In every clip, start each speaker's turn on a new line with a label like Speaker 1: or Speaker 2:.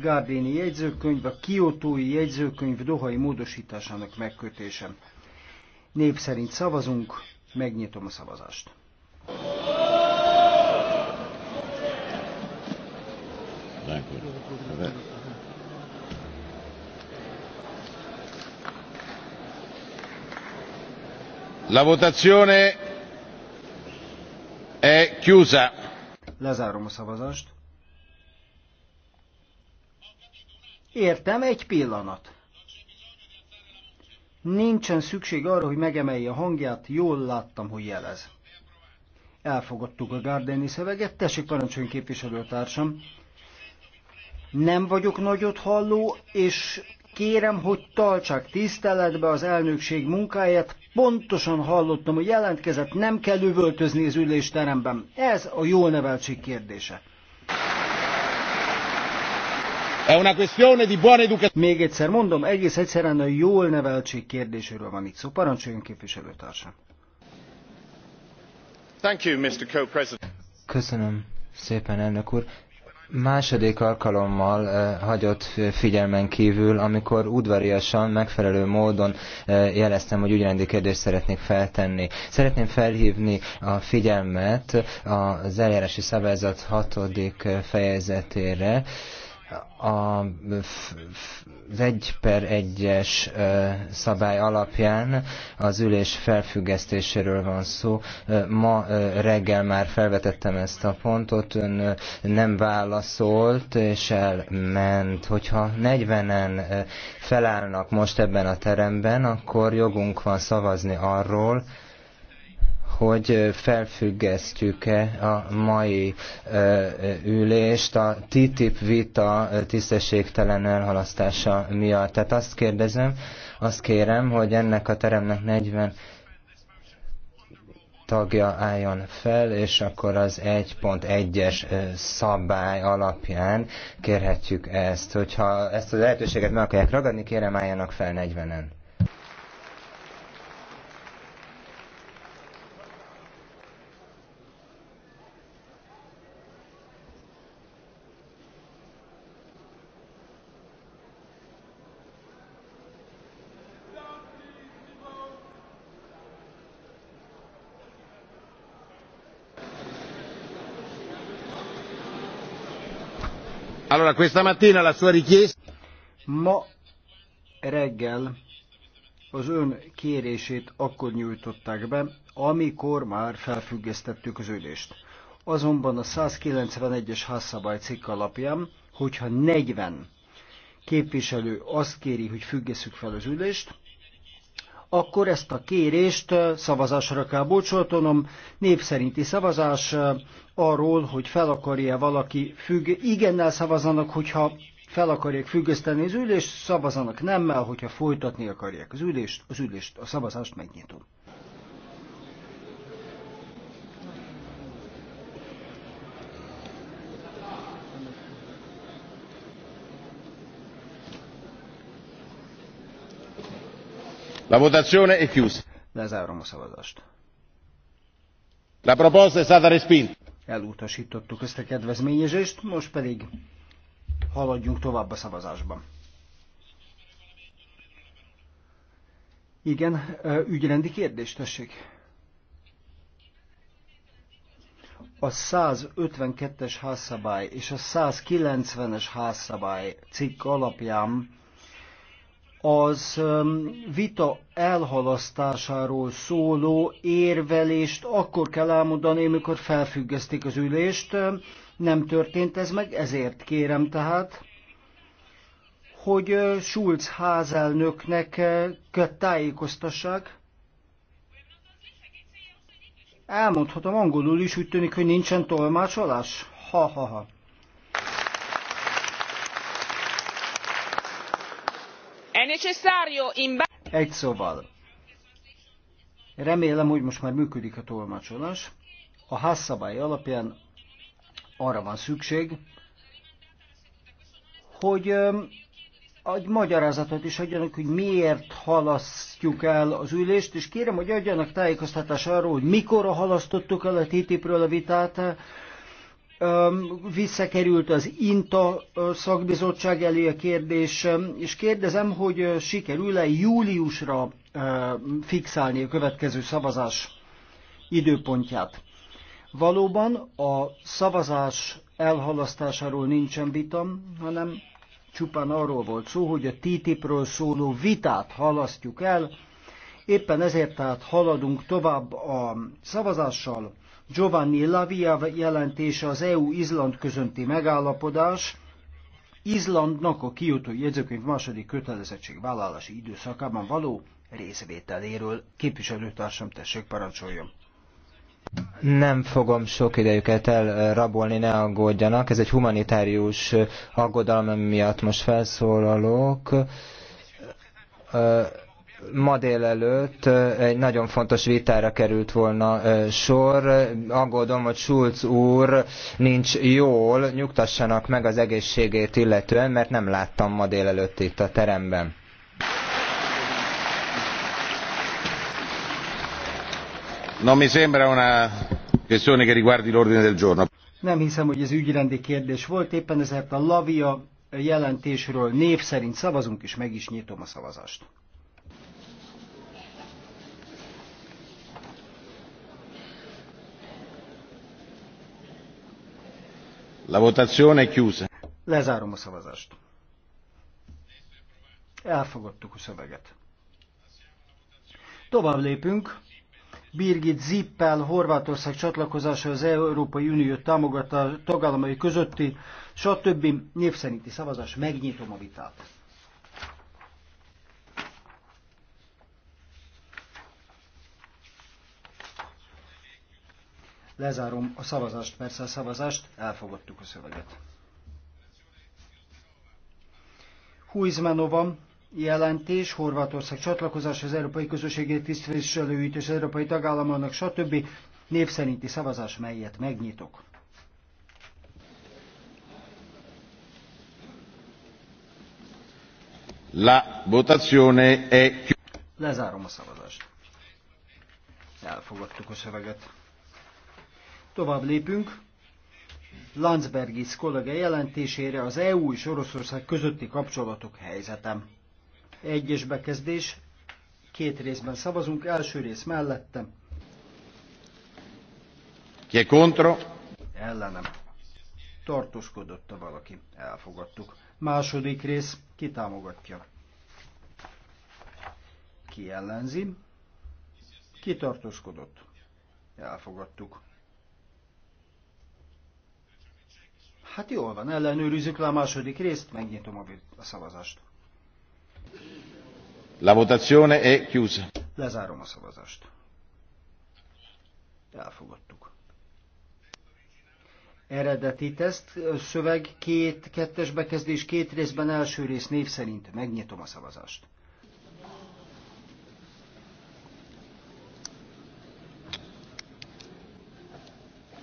Speaker 1: Gárdéni jegyzőkönyv, a Kiotói jegyzőkönyv dohai módosításának megkötése. Nép szerint szavazunk, megnyitom a szavazást.
Speaker 2: La votazione
Speaker 1: è chiusa. Lezárom a szavazást. Értem, egy pillanat. Nincsen szükség arra, hogy megemelje a hangját, jól láttam, hogy jelez. Elfogadtuk a Gardeni szöveget, tessék parancsoljon képviselőtársam. Nem vagyok nagyot halló, és kérem, hogy tartsák tiszteletbe az elnökség munkáját. Pontosan hallottam, hogy jelentkezett, nem kell üvöltözni az ülésteremben. Ez a jó neveltség kérdése. Még egyszer mondom, egész egyszerűen a jól neveltség kérdéséről van itt szó. parancsoljon képviselőtársam. Thank you, Mr.
Speaker 2: Co-President.
Speaker 3: Köszönöm szépen, elnök úr. Második alkalommal eh, hagyott figyelmen kívül, amikor udvariasan, megfelelő módon eh, jeleztem, hogy ügyrendi kérdést szeretnék feltenni. Szeretném felhívni a figyelmet az eljárási szabályzat hatodik eh, fejezetére. Eh, a, az egy per egyes szabály alapján az ülés felfüggesztéséről van szó. Ma reggel már felvetettem ezt a pontot, ön nem válaszolt és elment. Hogyha 40-en felállnak most ebben a teremben, akkor jogunk van szavazni arról, hogy felfüggesztjük-e a mai ülést a TTIP vita tisztességtelen elhalasztása miatt. Tehát azt kérdezem, azt kérem, hogy ennek a teremnek 40 tagja álljon fel, és akkor az 1.1-es szabály alapján kérhetjük ezt. Hogyha ezt a lehetőséget meg akarják ragadni, kérem álljanak fel 40-en.
Speaker 2: allora questa mattina
Speaker 1: la sua richiesta... Ma reggel az ön kérését akkor nyújtották be, amikor már felfüggesztettük az ülést. Azonban a 191-es házszabály cikk alapján, hogyha 40 képviselő azt kéri, hogy függesszük fel az ülést, akkor ezt a kérést szavazásra kell bocsoltanom, népszerinti szavazás arról, hogy fel akarja valaki függ, igennel szavazanak, hogyha fel akarják függeszteni az ülést, szavazanak nemmel, hogyha folytatni akarják az ülést, az ülést, a szavazást megnyitom. La votazione è chiusa. Lezárom a szavazást. La proposta è stata respinta. Elutasítottuk ezt a kedvezményezést, most pedig haladjunk tovább a szavazásban. Igen, ügyrendi kérdés, tessék. A 152-es házszabály és a 190-es házszabály cikk alapján az vita elhalasztásáról szóló érvelést akkor kell elmondani, amikor felfüggesztik az ülést. Nem történt ez meg, ezért kérem tehát, hogy Schulz házelnöknek tájékoztassák. Elmondhatom angolul is, úgy tűnik, hogy nincsen tolmácsolás. Ha, ha, ha. Egy szóval. Remélem, hogy most már működik a tolmácsolás. A házszabály alapján arra van szükség, hogy egy magyarázatot is adjanak, hogy miért halasztjuk el az ülést, és kérem, hogy adjanak tájékoztatás arról, hogy mikor halasztottuk el a TTIP-ről a vitát, visszakerült az INTA szakbizottság elé a kérdés, és kérdezem, hogy sikerül-e júliusra fixálni a következő szavazás időpontját. Valóban a szavazás elhalasztásáról nincsen vitam, hanem csupán arról volt szó, hogy a TTIP-ről szóló vitát halasztjuk el, éppen ezért tehát haladunk tovább a szavazással, Giovanni Lavia jelentése az EU-Izland közönti megállapodás, Izlandnak a Kyoto jegyzőkönyv második kötelezettség vállalási időszakában való részvételéről képviselőtársam tessék parancsoljon.
Speaker 3: Nem fogom sok idejüket elrabolni, ne aggódjanak. Ez egy humanitárius aggodalom, miatt most felszólalok. Ö ma délelőtt egy nagyon fontos vitára került volna sor. Aggódom, hogy Schulz úr nincs jól, nyugtassanak meg az egészségét illetően, mert nem láttam ma délelőtt itt a teremben. mi sembra una questione che
Speaker 2: riguardi l'ordine del giorno.
Speaker 1: Nem hiszem, hogy ez ügyrendi kérdés volt, éppen ezért a Lavia jelentésről név szerint szavazunk, és meg is nyitom a szavazást.
Speaker 2: La votazione è chiusa.
Speaker 1: Lezárom a szavazást. Elfogadtuk a szöveget. Tovább lépünk. Birgit Zippel Horvátország csatlakozása az Európai Unió támogató tagállamai közötti, stb. név szerinti szavazás. Megnyitom a vitát. Lezárom a szavazást, persze a szavazást, elfogadtuk a szöveget. Huizmanova jelentés, Horvátország csatlakozás az Európai Közösségét tisztviselőit és az Európai Tagállamának, stb. név szerinti szavazás, melyet megnyitok.
Speaker 2: La votazione è
Speaker 1: Lezárom a szavazást. Elfogadtuk a szöveget. Tovább lépünk. Landsbergis kollega jelentésére az EU és Oroszország közötti kapcsolatok helyzetem. Egyes bekezdés, két részben szavazunk, első rész mellettem. Ki è contro? Ellenem. Tartózkodott -e valaki. Elfogadtuk. Második rész, ki támogatja? Ki ellenzi? Ki tartózkodott? Elfogadtuk. Hát jól van, ellenőrizzük le a második részt, megnyitom a szavazást.
Speaker 2: La votazione è chiusa.
Speaker 1: Lezárom a szavazást. Elfogadtuk. Eredeti teszt, szöveg, két, kettes bekezdés, két részben, első rész név szerint. Megnyitom a szavazást.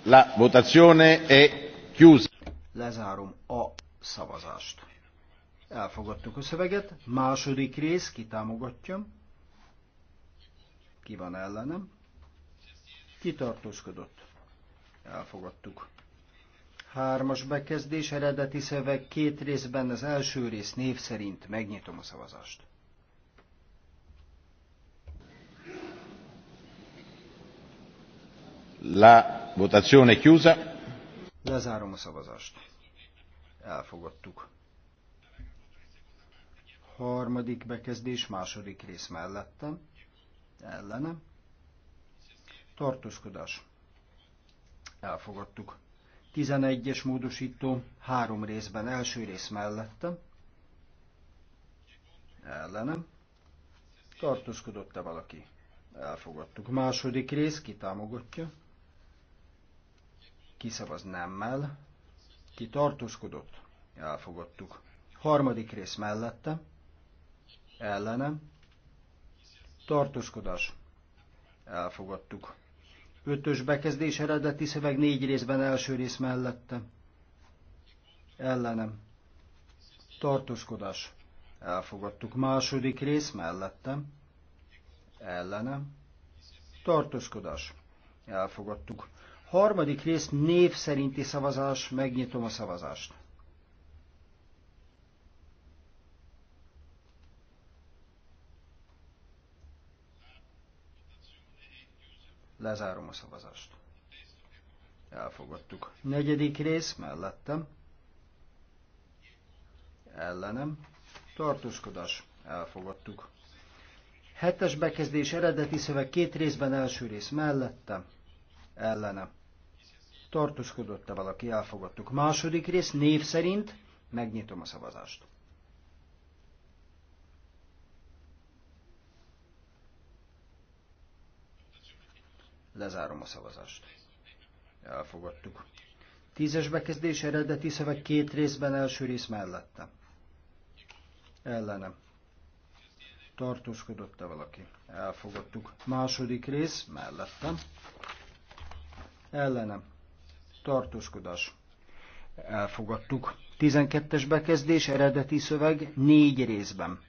Speaker 2: La votazione è chiusa.
Speaker 1: Lezárom a szavazást. Elfogadtuk a szöveget. Második rész, ki támogatja? Ki van ellenem? Kitartózkodott. Elfogadtuk. Hármas bekezdés, eredeti szöveg, két részben az első rész név szerint megnyitom a szavazást.
Speaker 2: La votazione chiusa.
Speaker 1: Lezárom a szavazást. Elfogadtuk. Harmadik bekezdés, második rész mellettem. Ellenem. Tartózkodás. Elfogadtuk. 11-es módosító, három részben, első rész mellettem. Ellenem. Tartózkodott-e valaki? Elfogadtuk. Második rész kitámogatja kiszavaz nemmel, ki tartózkodott, elfogadtuk. Harmadik rész mellette, ellene, tartózkodás, elfogadtuk. Ötös bekezdés eredeti szöveg négy részben első rész mellette, ellenem, tartózkodás, elfogadtuk. Második rész mellette, ellenem, tartózkodás, elfogadtuk. Harmadik rész név szerinti szavazás, megnyitom a szavazást. Lezárom a szavazást. Elfogadtuk. Negyedik rész mellettem. Ellenem. Tartózkodás. Elfogadtuk. Hetes bekezdés eredeti szöveg két részben első rész mellettem. Ellenem tartózkodott-e valaki, elfogadtuk. Második rész név szerint megnyitom a szavazást. Lezárom a szavazást. Elfogadtuk. Tízes bekezdés eredeti szöveg két részben első rész mellette. Ellenem. Tartózkodott-e valaki? Elfogadtuk. Második rész mellettem. Ellenem tartózkodás. Elfogadtuk. 12-es bekezdés, eredeti szöveg, négy részben.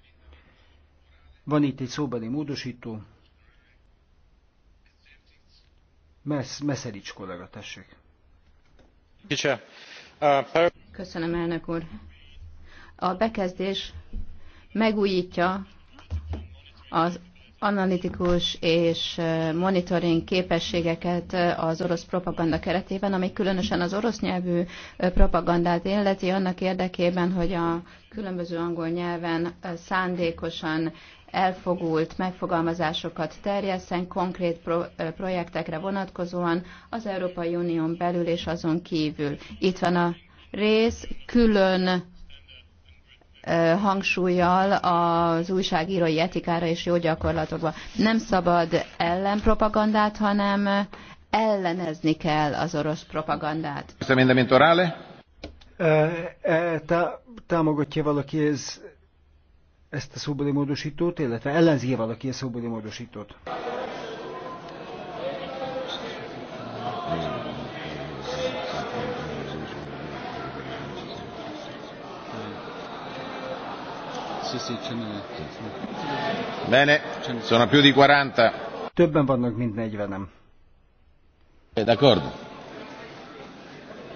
Speaker 1: Van itt egy szóbeli módosító. Mes Meszerics kollega, tessék. Köszönöm,
Speaker 4: elnök úr. A bekezdés megújítja az analitikus és monitoring képességeket az orosz propaganda keretében, amely különösen az orosz nyelvű propagandát illeti annak érdekében, hogy a különböző angol nyelven szándékosan elfogult megfogalmazásokat terjeszten konkrét pro- projektekre vonatkozóan az Európai Unión belül és azon kívül. Itt van a rész, külön hangsúlyjal az újságírói etikára és jó gyakorlatokba. Nem szabad ellenpropagandát, hanem ellenezni kell az orosz propagandát.
Speaker 2: Köszönöm, mint orale.
Speaker 1: E, támogatja valaki ez, ezt a szóbeli módosítót, illetve ellenzi valaki a szóbeli módosítót?
Speaker 2: Bene, sono più di
Speaker 1: 40. Többen vannak, mint 40-en. D'accordo.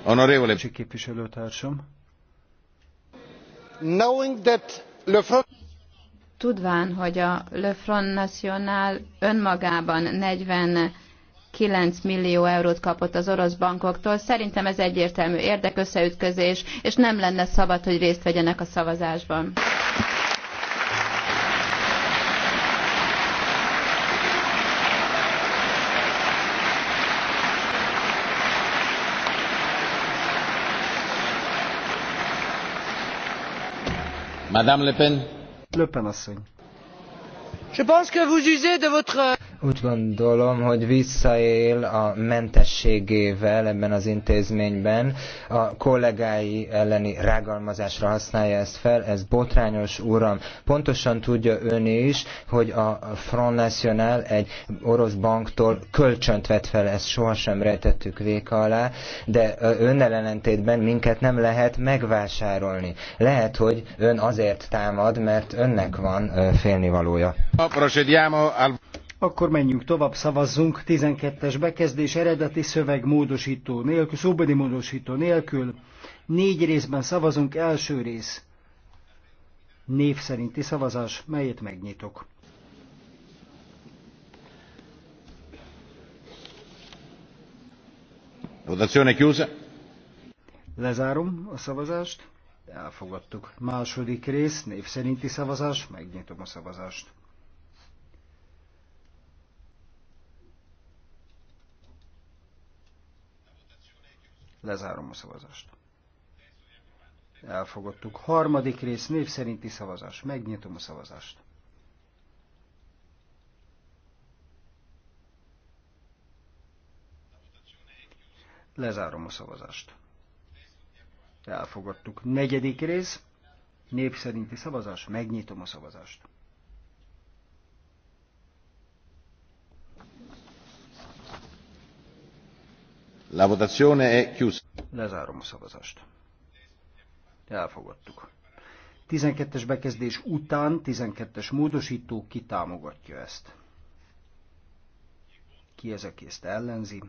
Speaker 1: Onorevole. Képviselőtársam. Knowing that
Speaker 4: Le Front tudván, hogy a Le Front National önmagában 49 millió eurót kapott az orosz bankoktól, szerintem ez egyértelmű érdekösszeütközés, és nem lenne szabad, hogy részt vegyenek a szavazásban.
Speaker 3: Le Pen. Le Pen asszony. Je pense que vous usez de votre... Úgy gondolom, hogy visszaél a mentességével ebben az intézményben. A kollégái elleni rágalmazásra használja ezt fel. Ez botrányos, uram. Pontosan tudja ön is, hogy a Front National egy orosz banktól kölcsönt vett fel. Ezt sohasem rejtettük véka alá, de ön ellentétben minket nem lehet megvásárolni. Lehet, hogy ön azért támad, mert önnek van félnivalója. Akkor menjünk tovább, szavazzunk. 12-es bekezdés eredeti szöveg módosító
Speaker 1: nélkül, szóbeli módosító nélkül. Négy részben szavazunk, első rész. Név szerinti szavazás, melyet megnyitok.
Speaker 2: Votazione chiusa.
Speaker 1: Lezárom a szavazást. Elfogadtuk. Második rész, név szerinti szavazás, megnyitom a szavazást. Lezárom a szavazást. Elfogadtuk. Harmadik rész név szerinti szavazás. Megnyitom a szavazást. Lezárom a szavazást. Elfogadtuk. Negyedik rész. Név szerinti szavazás. Megnyitom a szavazást.
Speaker 2: La votazione è chiusa. Lezárom a szavazást. Elfogadtuk.
Speaker 1: 12-es bekezdés után 12-es módosító kitámogatja ezt. Ki ez, a kész ellenzi?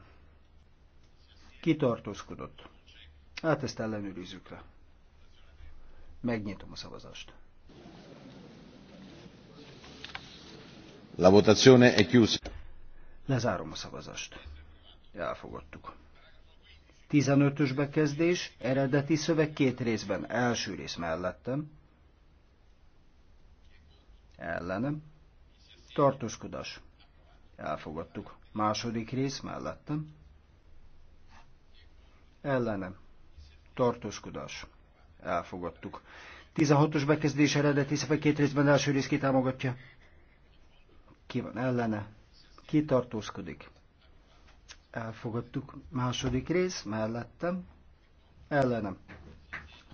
Speaker 1: Ki tartózkodott? Hát ezt ellenőrizzük le. Megnyitom a szavazást.
Speaker 2: La votazione è chiusa.
Speaker 1: Lezárom a szavazást. Elfogadtuk. 15-ös bekezdés, eredeti szöveg két részben. Első rész mellettem. Ellenem. Tartózkodás. Elfogadtuk. Második rész mellettem. Ellenem. Tartózkodás. Elfogadtuk. 16-os bekezdés eredeti szöveg két részben első rész kitámogatja. Ki van ellene? Ki tartózkodik? Elfogadtuk. Második rész mellettem. Ellenem.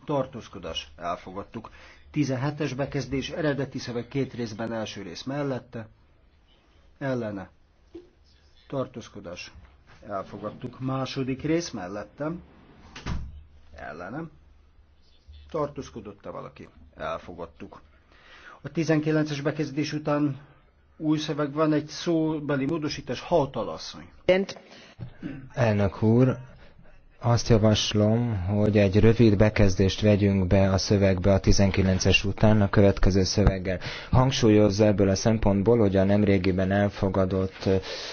Speaker 1: Tartózkodás. Elfogadtuk. 17-es bekezdés eredeti szöveg két részben első rész mellette. Ellene. Tartózkodás. Elfogadtuk. Második rész mellettem. Ellenem. Tartózkodott-e valaki? Elfogadtuk. A 19-es bekezdés után új szöveg van egy szóbeli módosítás, hatalasszony.
Speaker 3: Elnök úr, azt javaslom, hogy egy rövid bekezdést vegyünk be a szövegbe a 19-es után a következő szöveggel. Hangsúlyozza ebből a szempontból, hogy a nemrégiben elfogadott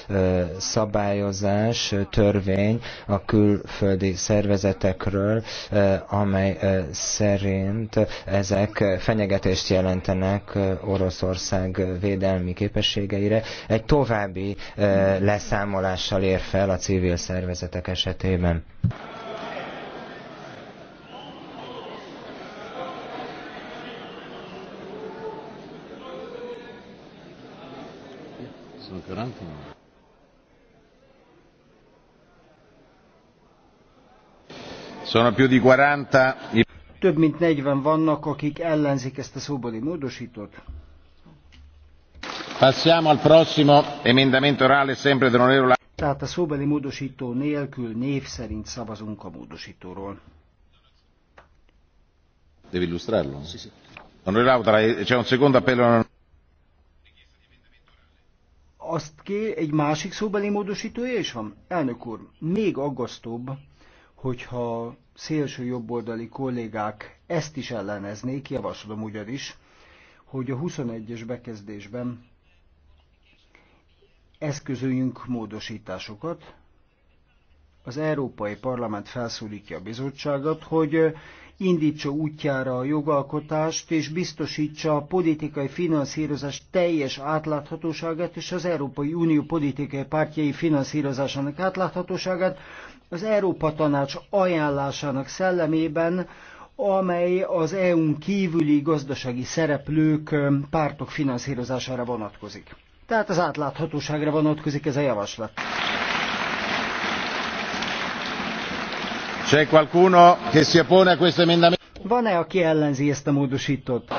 Speaker 3: ö, szabályozás, törvény a külföldi szervezetekről, ö, amely ö, szerint ezek fenyegetést jelentenek Oroszország védelmi képességeire, egy további ö, leszámolással ér fel a civil szervezetek esetében.
Speaker 1: Több mint 40 vannak, akik ellenzik ezt a szóbeli módosítót.
Speaker 2: Passiamo al prossimo emendamento orale sempre dell'onorevole
Speaker 1: tehát a szóbeli módosító nélkül név szerint szavazunk a módosítóról. Devi illustrarlo? Sì,
Speaker 2: sì. Onorevole Lautala, eh, c'è un secondo appello.
Speaker 1: Azt kér, egy másik szóbeli módosítója is van? Elnök úr, még aggasztóbb, hogyha szélső jobboldali kollégák ezt is elleneznék, javaslom ugyanis, hogy a 21-es bekezdésben eszközöljünk módosításokat. Az Európai Parlament felszólítja a bizottságot, hogy indítsa útjára a jogalkotást és biztosítsa a politikai finanszírozás teljes átláthatóságát és az Európai Unió politikai pártjai finanszírozásának átláthatóságát, az Európa Tanács ajánlásának szellemében, amely az EU-n kívüli gazdasági szereplők pártok finanszírozására vonatkozik. Tehát az átláthatóságra vonatkozik ez a javaslat.
Speaker 2: Van-e, aki ellenzi ezt a
Speaker 1: módosítót?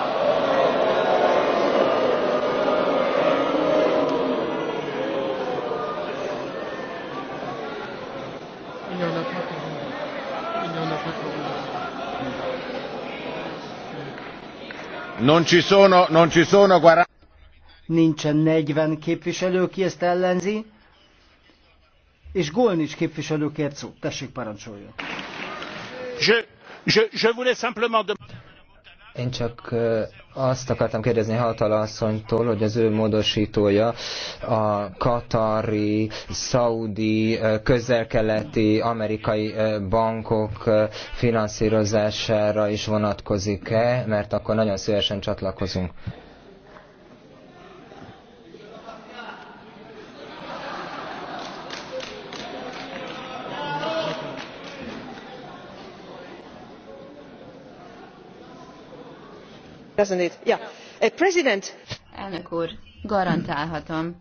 Speaker 1: Nincsen 40 képviselő, ki ezt ellenzi, és Golnics képviselő kért szót. Tessék, parancsoljon.
Speaker 3: Je, je, je voulais simplement de... Én csak azt akartam kérdezni Hatal asszonytól, hogy az ő módosítója a katari, szaudi, közelkeleti, amerikai bankok finanszírozására is vonatkozik-e, mert akkor nagyon szívesen csatlakozunk.
Speaker 4: Elnök úr, garantálhatom,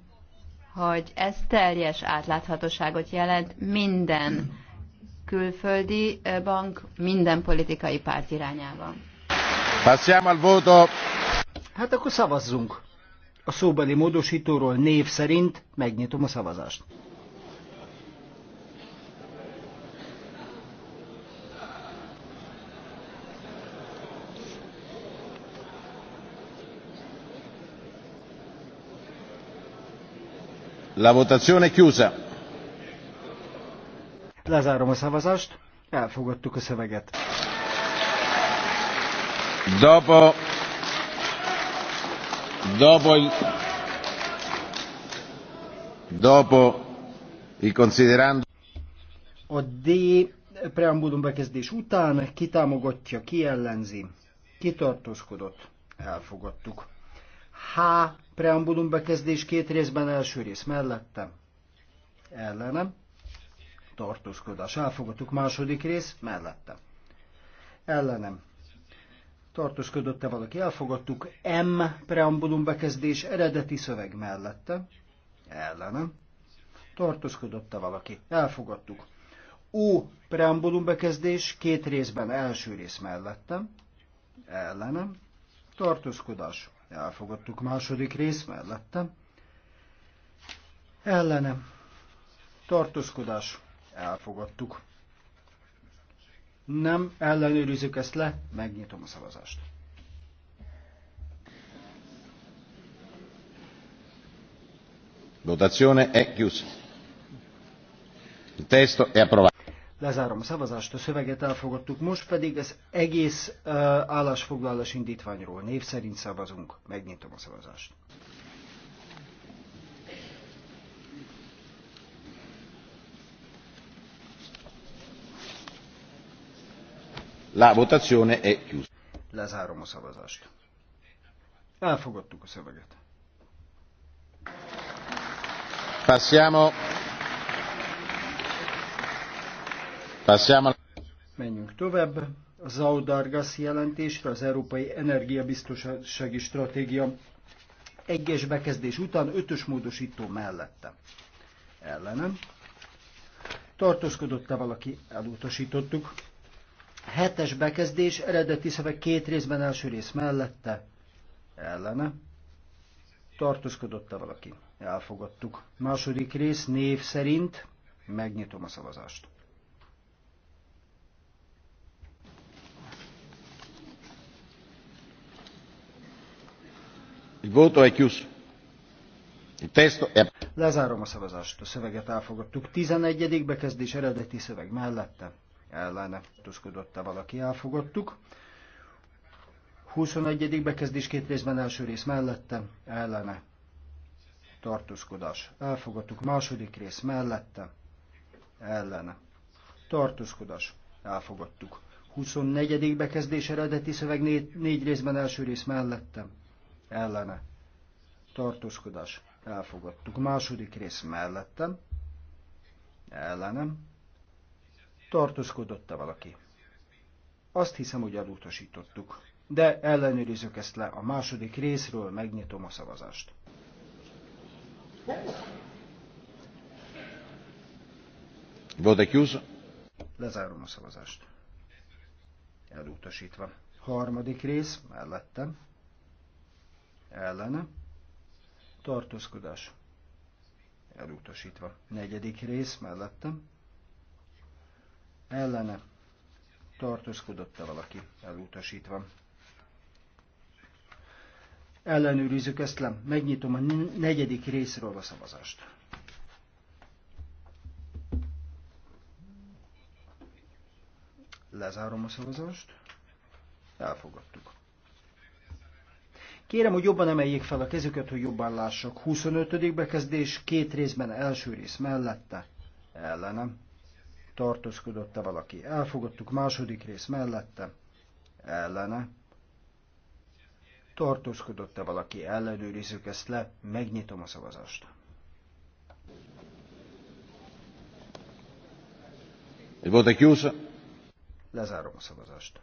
Speaker 4: hogy ez teljes átláthatóságot jelent minden külföldi eh, bank, minden politikai párt irányába.
Speaker 1: Hát akkor szavazzunk. A szóbeli módostóról név szerint megnyitom a szavazást.
Speaker 2: votazione è chiusa.
Speaker 1: Lezárom a szavazást. Elfogadtuk a szöveget.
Speaker 2: Dopo, dopo il, dopo il considerando.
Speaker 1: A D preambulum bekezdés után kitámogatja, ki ellenzi, kitartózkodott. Elfogadtuk. H Preambulum bekezdés két részben első rész mellettem. Ellenem. Tartózkodás. Elfogadtuk második rész mellettem. Ellenem. Tartózkodott-e valaki? Elfogadtuk. M. Preambulum bekezdés eredeti szöveg mellette. Ellenem. Tartózkodott-e valaki? Elfogadtuk. O. Preambulum bekezdés két részben első rész mellettem. Ellenem. Tartózkodás. Elfogadtuk második rész mellettem. Ellenem. Tartózkodás. Elfogadtuk. Nem ellenőrizzük ezt le, megnyitom a szavazást.
Speaker 2: Votazione è chiusa. Il testo è approvato.
Speaker 1: Lezárom a szavazást, a szöveget elfogadtuk, most pedig az egész uh, állásfoglalás indítványról név szerint szavazunk. Megnyitom a szavazást.
Speaker 2: La votazione è chiusa.
Speaker 1: Lezárom a szavazást. Elfogadtuk a szöveget.
Speaker 2: Passiamo
Speaker 1: Menjünk tovább. A Zaudargas jelentésre az Európai Energiabiztonsági Stratégia egyes bekezdés után ötös módosító mellette. Ellenem. Tartózkodott-e valaki? Elutasítottuk. Hetes bekezdés, eredeti szöveg két részben első rész mellette. Ellene. Tartózkodott-e valaki? Elfogadtuk. Második rész név szerint megnyitom a szavazást. Lezárom a szavazást. A szöveget elfogadtuk. 11. bekezdés eredeti szöveg mellette. Ellene tuszkodott-e valaki? Elfogadtuk. 21. bekezdés két részben első rész mellette. Ellene tartózkodás. Elfogadtuk második rész mellette, ellene. Tartózkodás. Elfogadtuk. 24. bekezdés eredeti szöveg négy, négy részben első rész mellette, ellene tartózkodás elfogadtuk. Második rész mellettem, ellenem tartózkodott-e valaki. Azt hiszem, hogy elutasítottuk, de ellenőrizzük ezt le. A második részről megnyitom a szavazást. Vote Lezárom a szavazást. Elutasítva. Harmadik rész, mellettem ellene, tartózkodás elutasítva. Negyedik rész mellettem, ellene, tartózkodott-e valaki elutasítva. Ellenőrizzük ezt le, megnyitom a negyedik részről a szavazást. Lezárom a szavazást. Elfogadtuk. Kérem, hogy jobban emeljék fel a kezüket, hogy jobban lássak. 25. bekezdés, két részben első rész mellette, ellenem. Tartózkodott-e valaki? Elfogadtuk második rész mellette, ellene. Tartózkodott-e valaki? Ellenőrizzük ezt le, megnyitom a szavazást. Volt egy Lezárom a szavazást.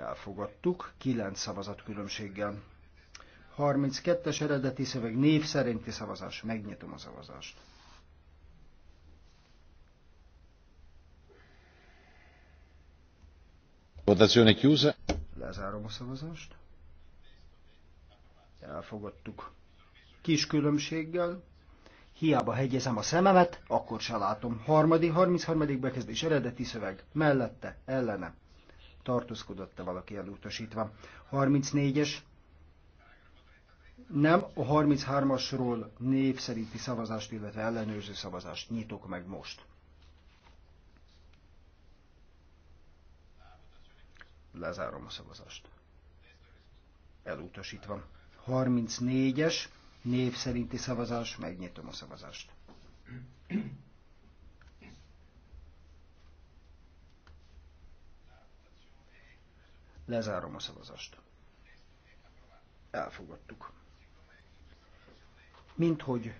Speaker 1: Elfogadtuk, 9 szavazat különbséggel. 32-es eredeti szöveg név szerinti szavazás. Megnyitom a szavazást.
Speaker 2: Votazione chiusa.
Speaker 1: Lezárom a szavazást. Elfogadtuk. Kis különbséggel. Hiába hegyezem a szememet, akkor se látom. Harmadik, 33. bekezdés eredeti szöveg. Mellette, ellene tartózkodott-e valaki elutasítva. 34-es, nem a 33-asról név szerinti szavazást, illetve ellenőrző szavazást nyitok meg most. Lezárom a szavazást. Elutasítva. 34-es név szerinti szavazás, megnyitom a szavazást. Lezárom a szavazást. Elfogadtuk. Mint hogy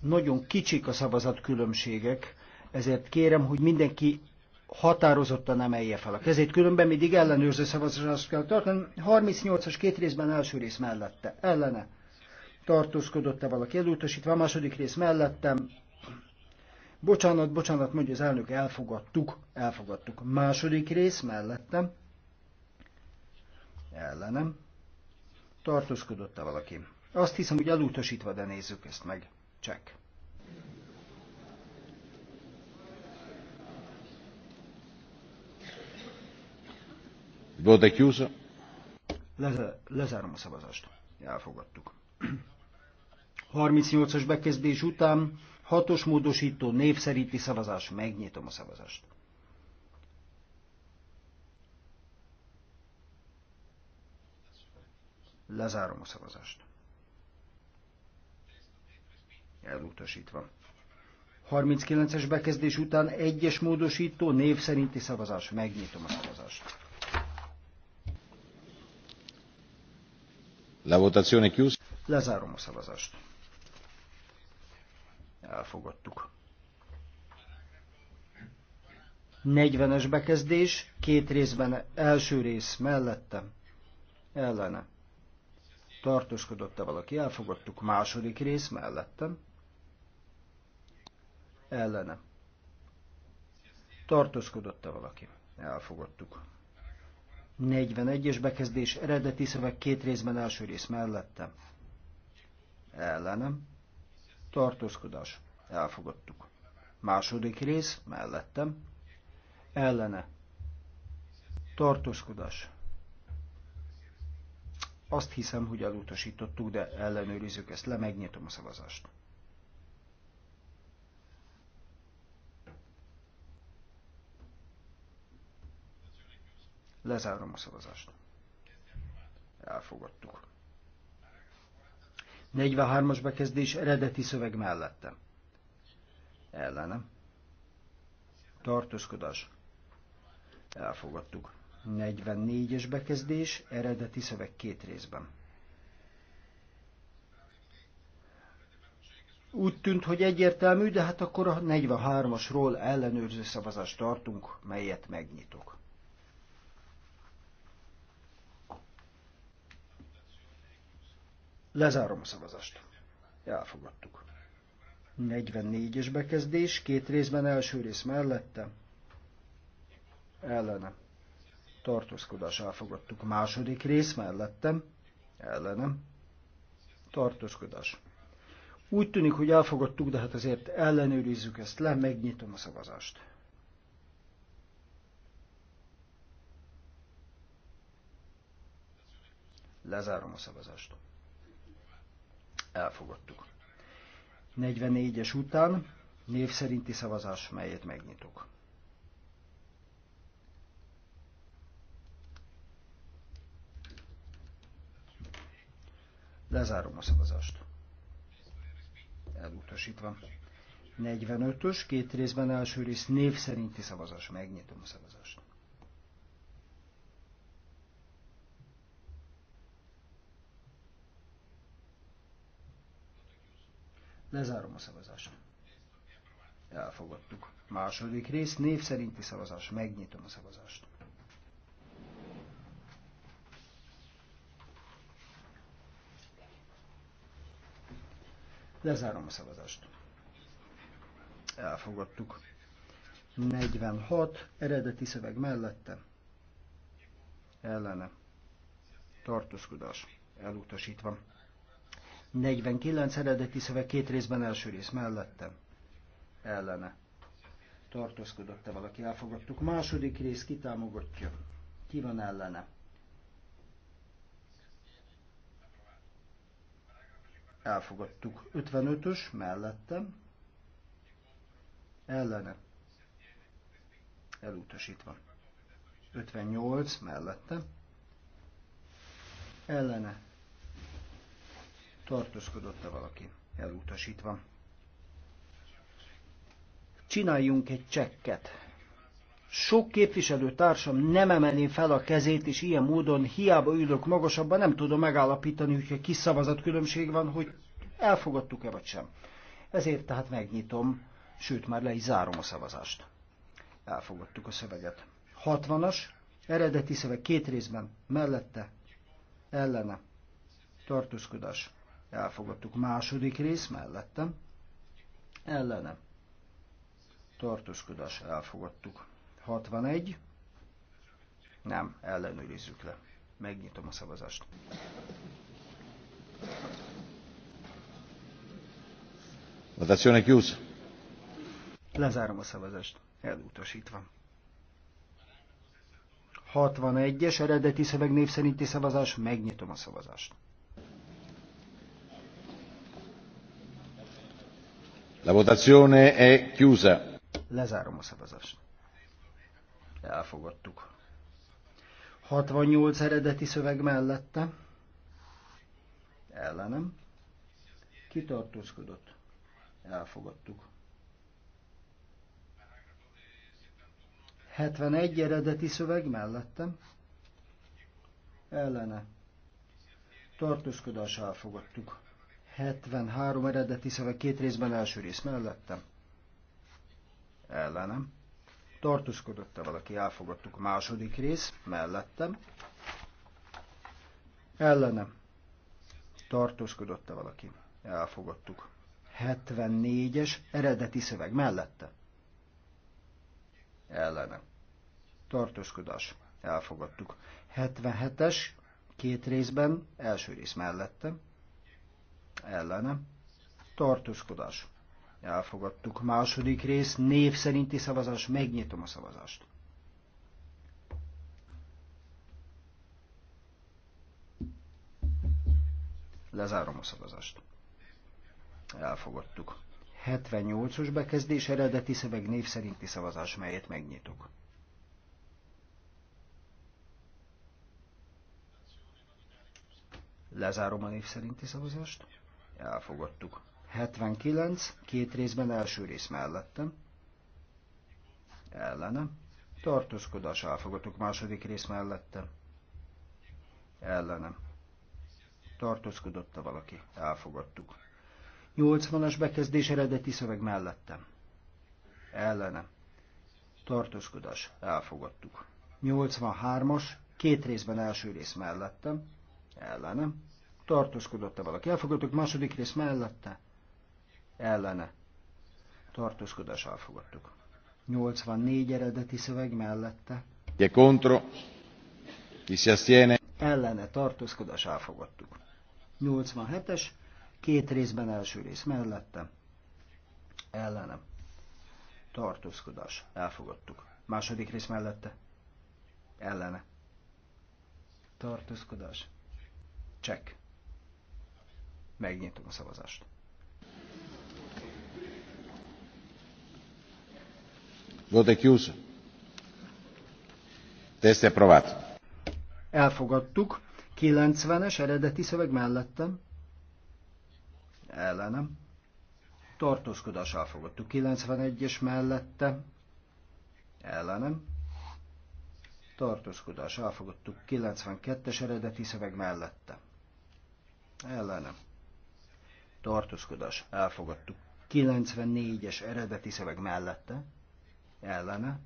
Speaker 1: nagyon kicsik a szavazatkülönbségek, ezért kérem, hogy mindenki határozottan emelje fel a kezét, különben mindig ellenőrző szavazást kell tartani. 38-as két részben első rész mellette, ellene tartózkodott-e valaki elutasítva, a második rész mellettem. Bocsánat, bocsánat, mondja az elnök, elfogadtuk, elfogadtuk. Második rész mellettem, ellenem. Tartózkodott-e valaki? Azt hiszem, hogy elutasítva, de nézzük ezt meg. Check.
Speaker 2: Voto chiuso.
Speaker 1: lezárom a szavazást. Elfogadtuk. 38-as bekezdés után hatos módosító név szerinti szavazás. Megnyitom a szavazást. Lezárom a szavazást. Elutasítva. 39-es bekezdés után egyes módosító név szerinti szavazás. Megnyitom a szavazást.
Speaker 2: La votazione chiusa. Lezárom
Speaker 1: a szavazást. Elfogadtuk. 40-es bekezdés, két részben első rész mellettem, ellene tartózkodott-e valaki, elfogadtuk második rész mellettem, ellene. Tartózkodott-e valaki? Elfogadtuk. 41-es bekezdés eredeti szöveg két részben első rész mellettem. Ellenem. Tartózkodás. Elfogadtuk. Második rész mellettem. Ellene. Tartózkodás. Azt hiszem, hogy elutasítottuk, de ellenőrizzük ezt le, megnyitom a szavazást. Lezárom a szavazást. Elfogadtuk. 43-as bekezdés eredeti szöveg mellette. Ellenem. Tartózkodás. Elfogadtuk. 44-es bekezdés, eredeti szöveg két részben. Úgy tűnt, hogy egyértelmű, de hát akkor a 43-asról ellenőrző szavazást tartunk, melyet megnyitok. Lezárom a szavazást. Elfogadtuk. 44-es bekezdés, két részben első rész mellette, ellene tartózkodás elfogadtuk. Második rész mellettem, ellenem, tartózkodás. Úgy tűnik, hogy elfogadtuk, de hát azért ellenőrizzük ezt le, megnyitom a szavazást. Lezárom a szavazást. Elfogadtuk. 44-es után név szerinti szavazás, melyet megnyitok. Lezárom a szavazást. Elutasítva. 45-ös, két részben első rész név szerinti szavazás. Megnyitom a szavazást. Lezárom a szavazást. Elfogadtuk. Második rész név szerinti szavazás. Megnyitom a szavazást. Lezárom a szavazást. Elfogadtuk. 46 eredeti szöveg mellette. Ellene. Tartózkodás. Elutasítva. 49 eredeti szöveg két részben első rész mellette. Ellene. Tartózkodott-e valaki? Elfogadtuk. Második rész kitámogatja. Ki van ellene? elfogadtuk. 55-ös mellettem, ellene, elutasítva. 58 mellettem, ellene, tartózkodott-e valaki, elutasítva. Csináljunk egy csekket, sok képviselő társam nem emelni fel a kezét, és ilyen módon hiába ülök magasabban, nem tudom megállapítani, hogyha kis különbség van, hogy elfogadtuk-e vagy sem. Ezért tehát megnyitom, sőt már le is zárom a szavazást. Elfogadtuk a szöveget. 60-as, eredeti szöveg két részben, mellette, ellene, tartózkodás. Elfogadtuk második rész mellette, ellene, tartózkodás. Elfogadtuk. 61. Nem, ellenőrizzük le. Megnyitom a szavazást.
Speaker 2: Votazione chiusa.
Speaker 1: Lezárom a szavazást. Elutasítva. 61-es eredeti szöveg név szerinti szavazás. Megnyitom a szavazást.
Speaker 2: La votazione è chiusa. Lezárom a szavazást.
Speaker 1: Elfogadtuk. 68 eredeti szöveg mellette. Ellenem. Kitartózkodott. Elfogadtuk. 71 eredeti szöveg mellettem. Ellene. Tartózkodás elfogadtuk. 73 eredeti szöveg két részben első rész mellettem. Ellenem tartózkodott-e valaki, elfogadtuk. Második rész, mellettem, ellenem, tartózkodott-e valaki, elfogadtuk. 74-es eredeti szöveg mellette. Ellenem. Tartózkodás. Elfogadtuk. 77-es két részben, első rész mellette. Ellenem. Tartózkodás. Elfogadtuk. Második rész, név szerinti szavazás, megnyitom a szavazást. Lezárom a szavazást. Elfogadtuk. 78-os bekezdés eredeti szöveg név szerinti szavazás, melyet megnyitok. Lezárom a név szerinti szavazást. Elfogadtuk. 79, két részben első rész mellettem. Ellenem. Tartózkodás elfogadtuk második rész mellettem. Ellenem. Tartózkodott-e valaki? Elfogadtuk. 80-as bekezdés eredeti szöveg mellettem. Ellenem. Tartózkodás. Elfogadtuk. 83-as, két részben első rész mellettem. Ellenem. Tartózkodott-e valaki? Elfogadtuk második rész mellette ellene tartózkodás elfogadtuk. 84 eredeti szöveg mellette.
Speaker 2: Ki contro, ki si astiene.
Speaker 1: Ellene tartózkodás elfogadtuk. 87-es, két részben első rész mellette. Ellene tartózkodás elfogadtuk. Második rész mellette. Ellene tartózkodás. Check. Megnyitom a szavazást. Elfogadtuk. 90-es eredeti szöveg mellettem. Ellenem. Tartózkodás elfogadtuk. 91-es mellette. Ellenem. Tartózkodás elfogadtuk. 92-es eredeti szöveg mellette. Ellenem. Tartózkodás elfogadtuk. 94-es eredeti szöveg mellette ellene,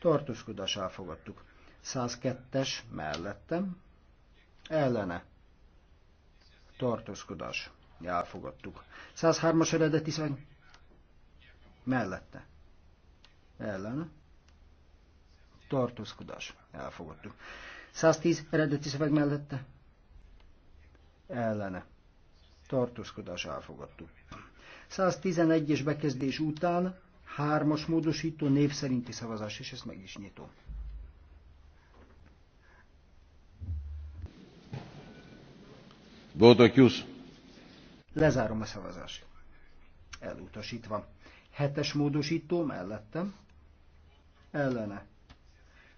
Speaker 1: tartózkodás elfogadtuk. 102-es mellettem, ellene, tartózkodás elfogadtuk. 103-as eredeti szöny mellette, ellene, tartózkodás elfogadtuk. 110 eredeti szöveg mellette, ellene, tartózkodás elfogadtuk. 111-es bekezdés után Hármas módosító név szerinti szavazás, és ezt meg is nyitom.
Speaker 2: Voto chiuso.
Speaker 1: Lezárom a szavazást. Elutasítva. Hetes módosító mellettem. Ellene.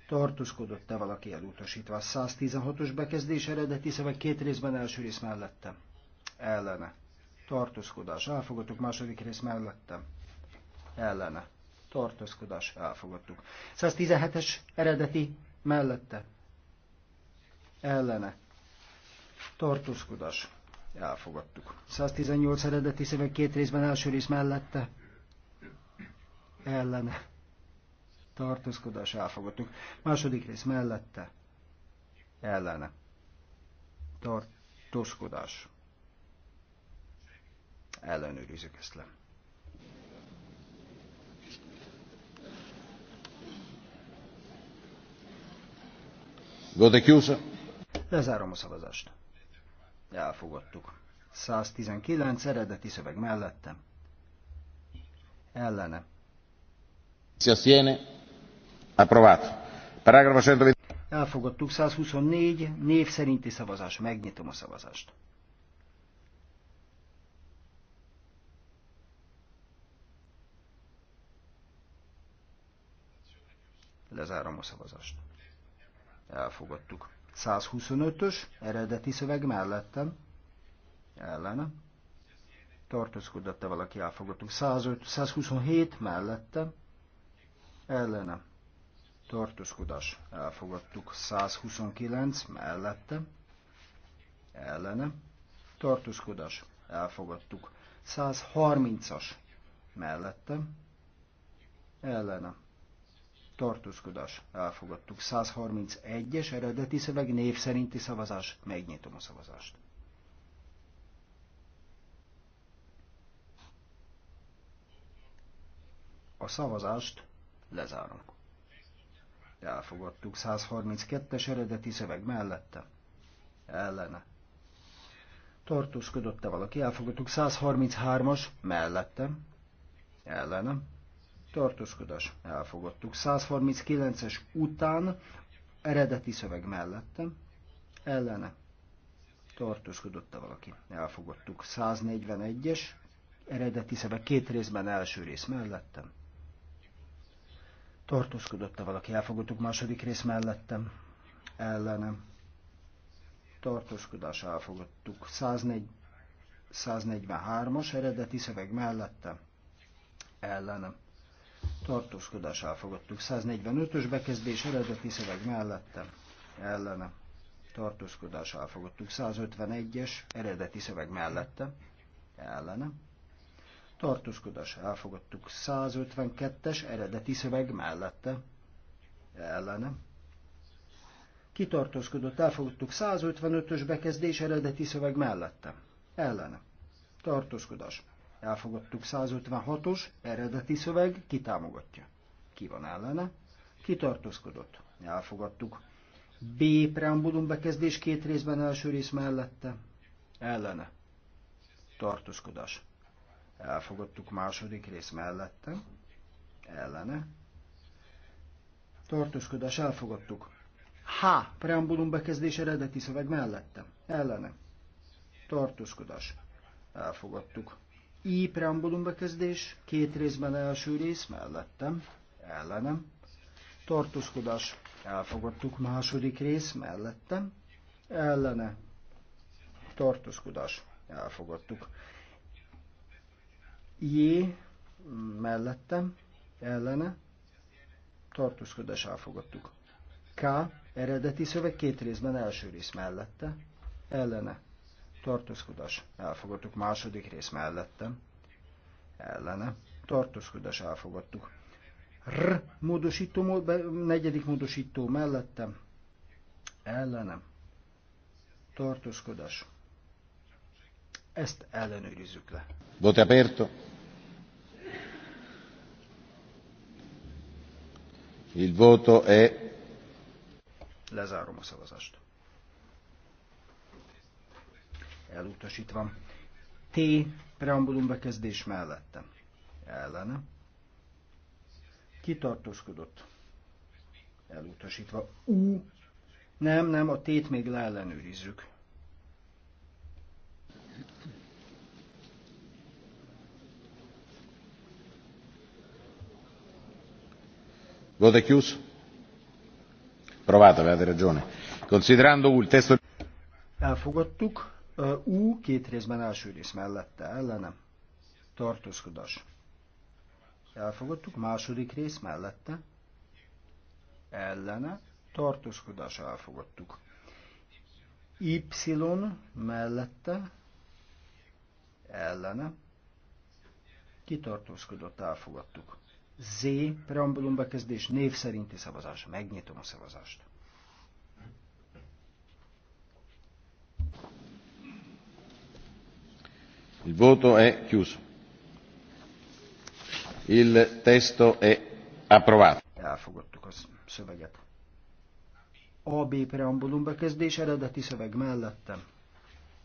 Speaker 1: Tartózkodott-e valaki elutasítva? 116-os bekezdés eredeti szöveg két részben első rész mellettem. Ellene. Tartózkodás. Elfogadok második rész mellettem ellene tartózkodás elfogadtuk. 117-es eredeti mellette ellene tartózkodás elfogadtuk. 118 eredeti szöveg két részben első rész mellette ellene tartózkodás elfogadtuk. Második rész mellette ellene tartózkodás ellenőrizzük ezt le. Lezárom a szavazást. Elfogadtuk. 119 eredeti szöveg mellettem. Ellene.
Speaker 2: Si astiene. Approvato. Paragrafo 120.
Speaker 1: Elfogadtuk 124 név szerinti szavazás. Megnyitom a szavazást. Lezárom a szavazást. Elfogadtuk. 125-ös eredeti szöveg mellettem. Ellene. Tartózkodott-e valaki? Elfogadtuk. 105, 127 mellettem. Ellene. Tartózkodás. Elfogadtuk. 129 mellettem. Ellene. Tartózkodás. Elfogadtuk. 130-as mellettem. Ellene tartózkodás elfogadtuk. 131-es eredeti szöveg név szerinti szavazás, megnyitom a szavazást. A szavazást lezárom. Elfogadtuk 132-es eredeti szöveg mellette. Ellene. Tartózkodott-e valaki? Elfogadtuk 133-as mellette. Ellenem tartózkodás elfogadtuk. 139-es után eredeti szöveg mellettem, ellene tartózkodott-e valaki, elfogadtuk. 141-es eredeti szöveg két részben első rész mellettem, tartózkodott-e valaki, elfogadtuk második rész mellettem, ellenem tartózkodás elfogadtuk. 104, 143-as eredeti szöveg mellette ellenem tartózkodás elfogadtuk. 145-ös bekezdés eredeti szöveg mellette, ellene, tartózkodás elfogadtuk. 151-es eredeti szöveg mellette, ellene, tartózkodás elfogadtuk. 152-es eredeti szöveg mellette, ellene, kitartózkodott, elfogadtuk. 155-ös bekezdés eredeti szöveg mellette, ellene, tartózkodás Elfogadtuk 156-os, eredeti szöveg, ki támogatja? Ki van ellene? Ki tartózkodott? Elfogadtuk. B. Preambulum bekezdés két részben első rész mellette. Ellene. Tartózkodás. Elfogadtuk második rész mellette. Ellene. Tartózkodás. Elfogadtuk. H. Preambulum bekezdés eredeti szöveg mellette. Ellene. Tartózkodás. Elfogadtuk. I preambulum bekezdés, két részben első rész, mellettem, ellenem, tartózkodás, elfogadtuk második rész, mellettem, ellene, tartózkodás, elfogadtuk. J, mellettem, ellene, tartózkodás, elfogadtuk. K, eredeti szöveg két részben első rész mellette, ellene, tartózkodás, elfogadtuk második rész mellettem, ellene, tartózkodás, elfogadtuk. R módosító, negyedik módosító mellettem, Ellene. tartózkodás. Ezt ellenőrizzük le.
Speaker 2: Vote aperto. Il voto è...
Speaker 1: Lezárom a szavazást elutasítva. T. Preambulum bekezdés mellette. Ellene. Kitartóskodott. Elutasítva. U. Nem, nem, a tét még leellenőrizzük.
Speaker 2: Vote chiuso? Provate, avete ragione. Considerando il testo...
Speaker 1: Elfogadtuk. U két részben első rész mellette, ellenem. Tartózkodás. Elfogadtuk, második rész mellette. Ellene. Tartózkodás elfogadtuk. Y mellette. Ellene. Kitartózkodott, elfogadtuk. Z preambulum bekezdés név szerinti szavazás. Megnyitom a szavazást.
Speaker 2: il voto è chiuso il testo è approvato elfogadtuk
Speaker 1: a szöveget AB preambulum bekezdés eredeti szöveg mellette.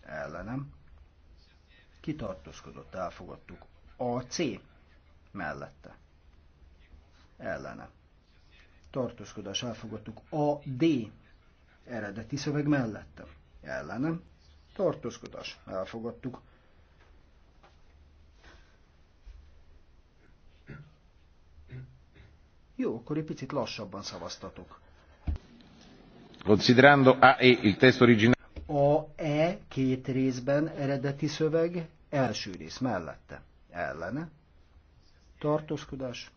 Speaker 1: ellenem kitartózkodott elfogadtuk AC mellette ellene tartózkodás elfogadtuk AD eredeti szöveg mellette ellenem tartózkodás elfogadtuk Jó, akkor egy picit lassabban szavaztatok.
Speaker 2: Considerando e il testo originale.
Speaker 1: A E két részben eredeti szöveg, első rész mellette. Ellene. Tartózkodás.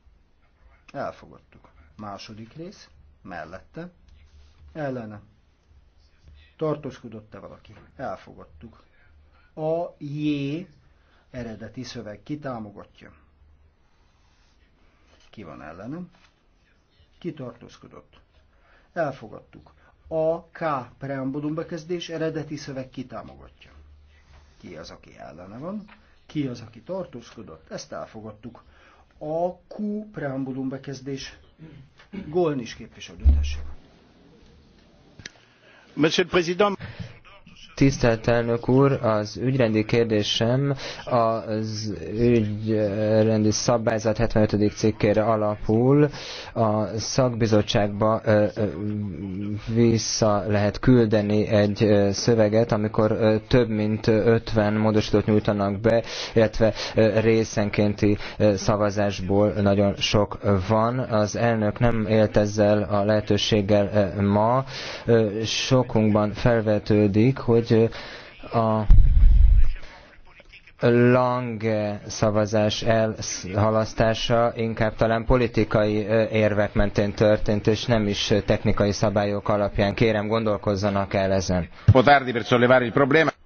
Speaker 1: Elfogadtuk. Második rész. Mellette. Ellene. Tartózkodott-e valaki? Elfogadtuk. A J eredeti szöveg kitámogatja. Ki van ellenem? kitartózkodott. Elfogadtuk. A K preambulum bekezdés eredeti szöveg kitámogatja. Ki az, aki ellene van? Ki az, aki tartózkodott? Ezt elfogadtuk. A Q preambulum bekezdés Golnis képviselő, tessék.
Speaker 3: Monsieur le Président, Tisztelt elnök úr, az ügyrendi kérdésem az ügyrendi szabályzat 75. cikkére alapul. A szakbizottságba vissza lehet küldeni egy szöveget, amikor több mint 50 módosítót nyújtanak be, illetve részenkénti szavazásból nagyon sok van. Az elnök nem élt ezzel a lehetőséggel ma. Sokunkban felvetődik, hogy hogy a lang szavazás elhalasztása inkább talán politikai érvek mentén történt, és nem is technikai szabályok alapján. Kérem, gondolkozzanak el ezen.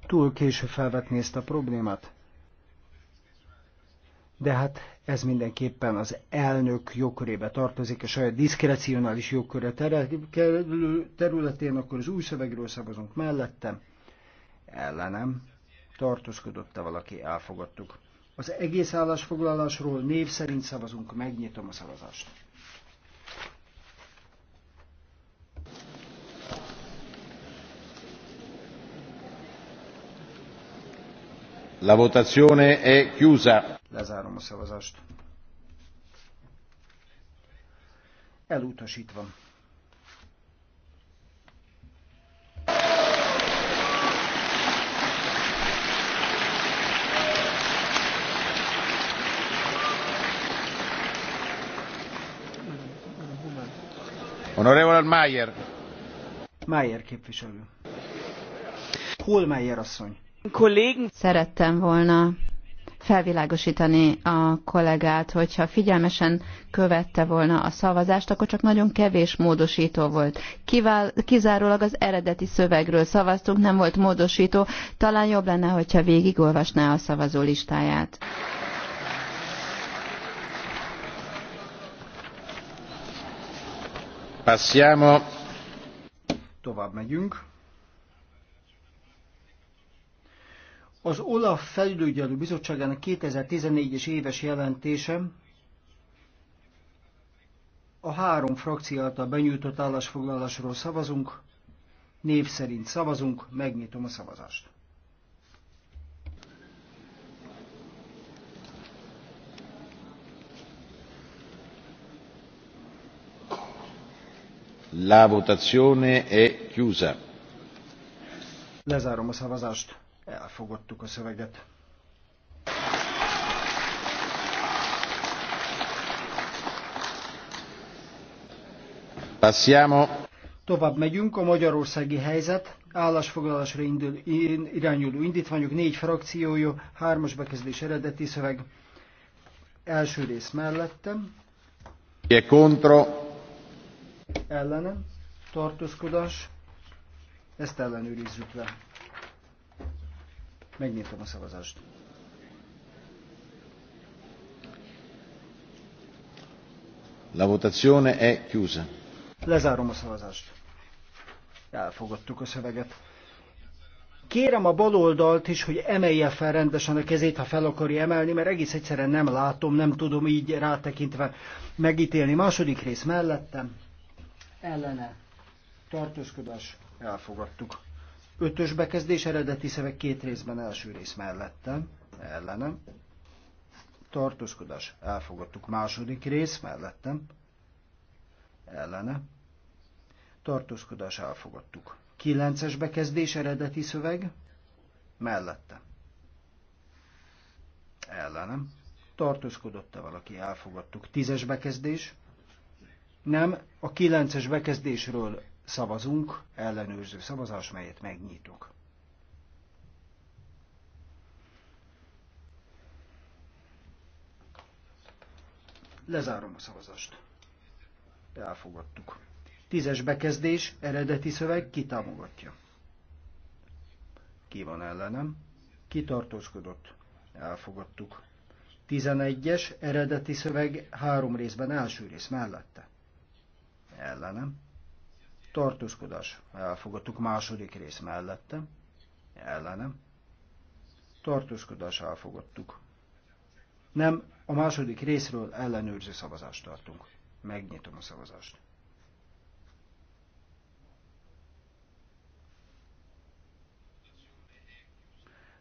Speaker 1: Túl késő felvetni ezt a problémát. De hát ez mindenképpen az elnök jogkörébe tartozik, a saját diszkrecionális jogköre területén, akkor az új szövegről szavazunk mellettem ellenem tartózkodott-e valaki, elfogadtuk. Az egész állásfoglalásról név szerint szavazunk, megnyitom a szavazást.
Speaker 2: La votazione è chiusa. Lezárom a
Speaker 1: szavazást. Elutasítva. Honorable Mayer. Mayer képviselő. Hol Mayer asszony?
Speaker 4: Kollégn. Szerettem volna felvilágosítani a kollégát, hogyha figyelmesen követte volna a szavazást, akkor csak nagyon kevés módosító volt. Kivál, kizárólag az eredeti szövegről szavaztunk, nem volt módosító. Talán jobb lenne, hogyha végigolvasná a szavazó listáját.
Speaker 2: Passiamo. Tovább megyünk.
Speaker 1: Az OLAF felügyelő bizottságának 2014-es éves jelentése a három frakció által benyújtott állásfoglalásról szavazunk, név szerint szavazunk, megnyitom a szavazást.
Speaker 2: La votazione è chiusa.
Speaker 1: Lezárom a szavazást. Elfogadtuk a szöveget.
Speaker 2: Passiamo.
Speaker 1: Tovább megyünk a magyarországi helyzet. Állásfoglalásra indul, in, irányuló indítványok négy frakciója, hármas bekezdés eredeti szöveg. Első rész mellettem.
Speaker 2: Ki contro?
Speaker 1: ellenem, tartózkodás, ezt ellenőrizzük le. Megnyitom a szavazást.
Speaker 2: La votazione è chiusa.
Speaker 1: Lezárom a szavazást. Elfogadtuk a szöveget. Kérem a baloldalt is, hogy emelje fel rendesen a kezét, ha fel akarja emelni, mert egész egyszerűen nem látom, nem tudom így rátekintve megítélni. Második rész mellettem, ellene tartózkodás elfogadtuk. Ötös bekezdés eredeti szöveg két részben első rész mellettem, ellenem. Tartózkodás elfogadtuk második rész mellettem, ellene. Tartózkodás elfogadtuk. Kilences bekezdés eredeti szöveg mellette. Ellenem. Tartózkodott-e valaki? Elfogadtuk. Tízes bekezdés nem, a kilences bekezdésről szavazunk, ellenőrző szavazás, melyet megnyitok. Lezárom a szavazást. Elfogadtuk. Tízes bekezdés, eredeti szöveg, ki támogatja? Ki van ellenem? Ki tartózkodott? Elfogadtuk. Tizenegyes, eredeti szöveg, három részben, első rész mellette ellenem, tartózkodás, elfogadtuk második rész mellette, ellenem, tartózkodás, elfogadtuk. Nem, a második részről ellenőrző szavazást tartunk. Megnyitom a szavazást.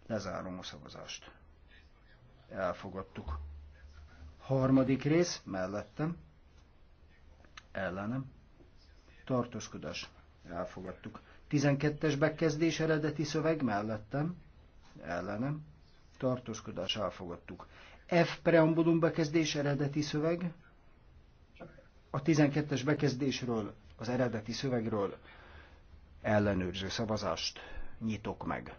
Speaker 1: Lezárom a szavazást. Elfogadtuk. Harmadik rész mellettem ellenem, tartózkodás, elfogadtuk. 12-es bekezdés eredeti szöveg mellettem, ellenem, tartózkodás, elfogadtuk. F preambulum bekezdés eredeti szöveg, a 12-es bekezdésről, az eredeti szövegről ellenőrző szavazást nyitok meg.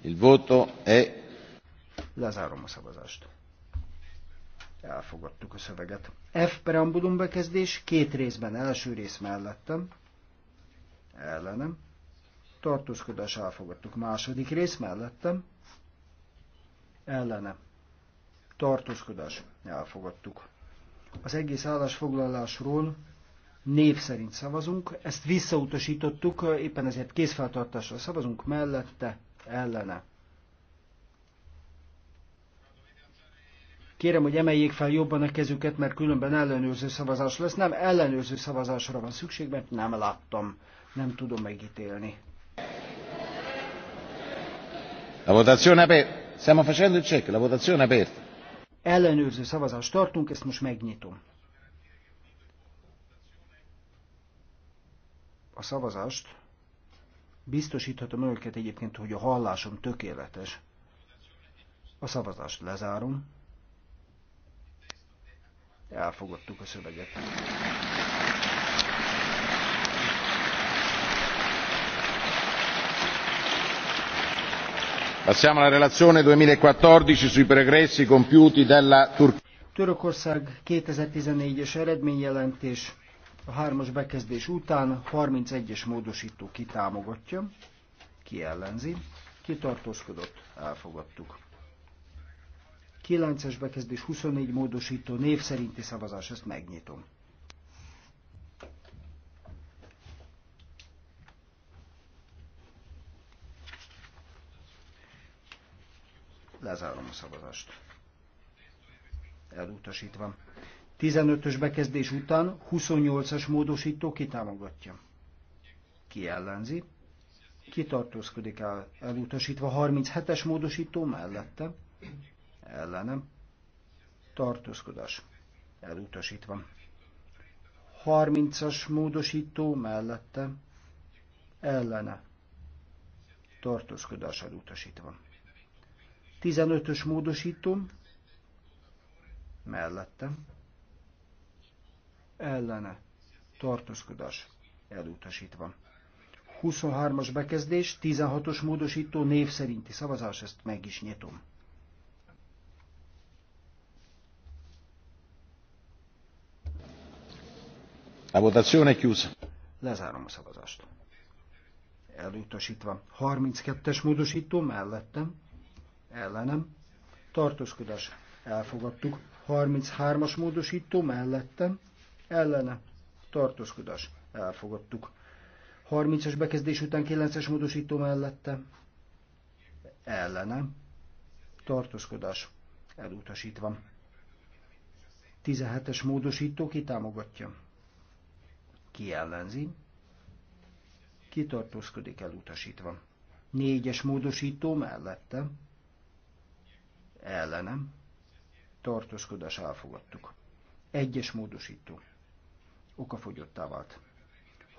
Speaker 1: Il voto è... Lezárom a szavazást. Elfogadtuk a szöveget. F preambulum bekezdés két részben, első rész mellettem, ellenem. Tartózkodás elfogadtuk második rész mellettem, ellenem. Tartózkodás elfogadtuk. Az egész állásfoglalásról név szerint szavazunk, ezt visszautasítottuk, éppen ezért készfeltartásra szavazunk mellette, ellene Kérem, hogy emeljék fel jobban a kezüket, mert különben ellenőrző szavazás lesz. Nem ellenőrző szavazásra van szükség, mert nem láttam. Nem tudom megítélni.
Speaker 2: La votazione aperta. Stiamo facendo il check. La votazione aperta.
Speaker 1: Ellenőrző szavazást tartunk, ezt most megnyitom. A szavazást biztosíthatom önöket egyébként, hogy a hallásom tökéletes. A szavazást lezárom elfogadtuk a szöveget.
Speaker 2: Passiamo alla relazione 2014 sui progressi compiuti della Turchia.
Speaker 1: Törökország 2014-es eredményjelentés a hármas bekezdés után 31-es módosító kitámogatja, kiellenzi, kitartózkodott, elfogadtuk. 9-es bekezdés 24 módosító név szerinti szavazás, ezt megnyitom. Lezárom a szavazást. Elutasítva. 15-ös bekezdés után 28-as módosító kitámogatja. Ki ellenzi? Kitartózkodik el, elutasítva 37-es módosító mellette ellenem, tartózkodás elutasítva. 30-as módosító mellette, ellene, tartózkodás elutasítva. 15-ös módosító mellette, ellene, tartózkodás elutasítva. 23-as bekezdés, 16-os módosító név szerinti szavazás, ezt meg is nyitom.
Speaker 2: La votazione è chiusa.
Speaker 1: Lezárom a szavazást. Elutasítva. 32-es módosító mellettem. Ellenem. Tartózkodás. Elfogadtuk. 33-as módosító mellettem. Ellene. Tartózkodás. Elfogadtuk. 30-as bekezdés után 9-es módosító mellettem. Ellenem. Tartózkodás. Elutasítva. 17-es módosító kitámogatja ki ellenzi? elutasítva? Négyes módosító mellette. Ellenem. Tartózkodás elfogadtuk. Egyes módosító. Okafogyottá vált.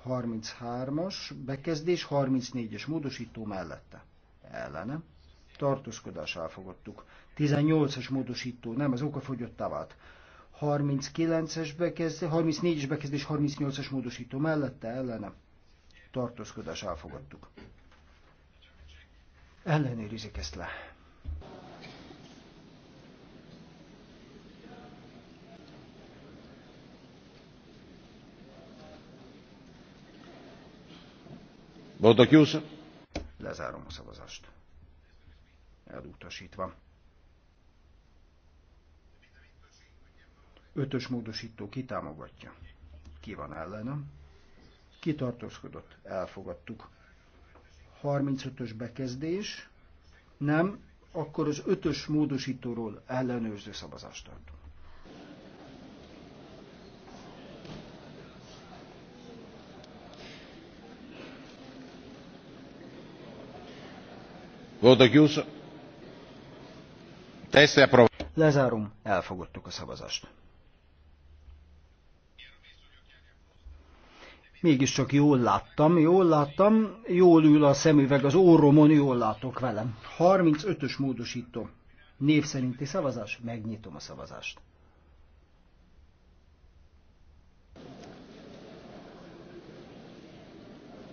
Speaker 1: 33-as bekezdés, 34-es módosító mellette. Ellenem. Tartózkodás elfogadtuk. 18-as módosító, nem, az okafogyottá vált. 39-es bekezdés, 34-es bekezdés, 38-as módosító mellette ellene tartózkodás elfogadtuk. Ellenőrizik ezt le. Voltak jó Lezárom a szavazást. Elutasítva. Ötös módosító kitámogatja. Ki van ellenem? Kitartózkodott. Elfogadtuk. 35-ös bekezdés. Nem, akkor az ötös módosítóról ellenőrző szavazást tartunk.
Speaker 2: Voltak jó szó.
Speaker 1: Lezárom, elfogadtuk a szavazást. mégiscsak jól láttam, jól láttam, jól ül a szemüveg az orromon, jól látok velem. 35-ös módosító. Név szerinti szavazás? Megnyitom a szavazást.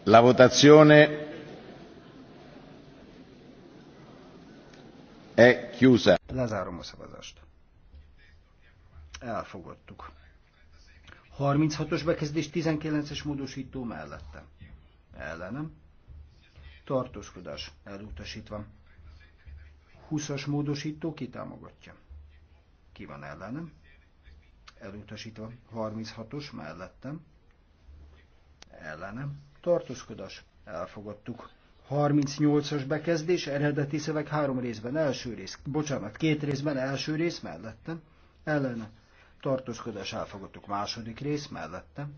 Speaker 2: La votazione è chiusa. Lezárom a szavazást.
Speaker 1: Elfogadtuk. 36-os bekezdés 19-es módosító mellette. Ellenem. Tartózkodás elutasítva. 20-as módosító kitámogatja. Ki van ellenem? Elutasítva. 36-os mellettem. Ellenem. Tartózkodás. Elfogadtuk. 38-as bekezdés, eredeti szöveg három részben, első rész, bocsánat, két részben, első rész mellettem, Ellenem tartózkodás elfogadtuk. Második rész mellette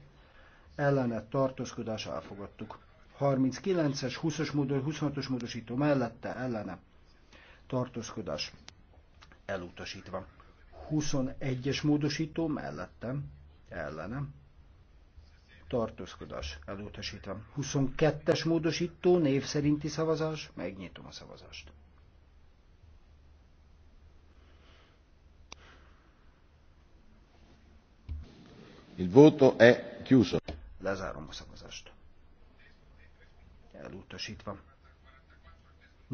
Speaker 1: Ellenet tartózkodás elfogadtuk. 39-es, 20-as módos, 26-os módosító mellette ellene tartózkodás elutasítva. 21-es módosító mellette ellene tartózkodás elutasítva. 22-es módosító név szerinti szavazás, megnyitom a szavazást.
Speaker 2: Il voto è chiuso. Lezárom a szavazást.
Speaker 1: Elutasítva.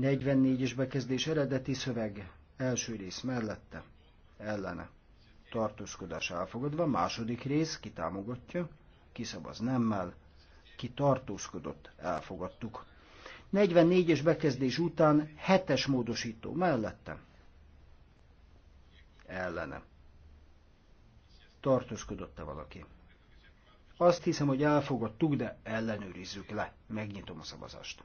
Speaker 1: 44-es bekezdés eredeti szöveg. Első rész mellette. Ellene. Tartózkodás elfogadva. Második rész kitámogatja. Kiszavaz nemmel. Ki tartózkodott. Elfogadtuk. 44-es bekezdés után hetes módosító mellette. Ellene Tartózkodott-e valaki? Azt hiszem, hogy elfogadtuk, de ellenőrizzük le. Megnyitom a szavazást.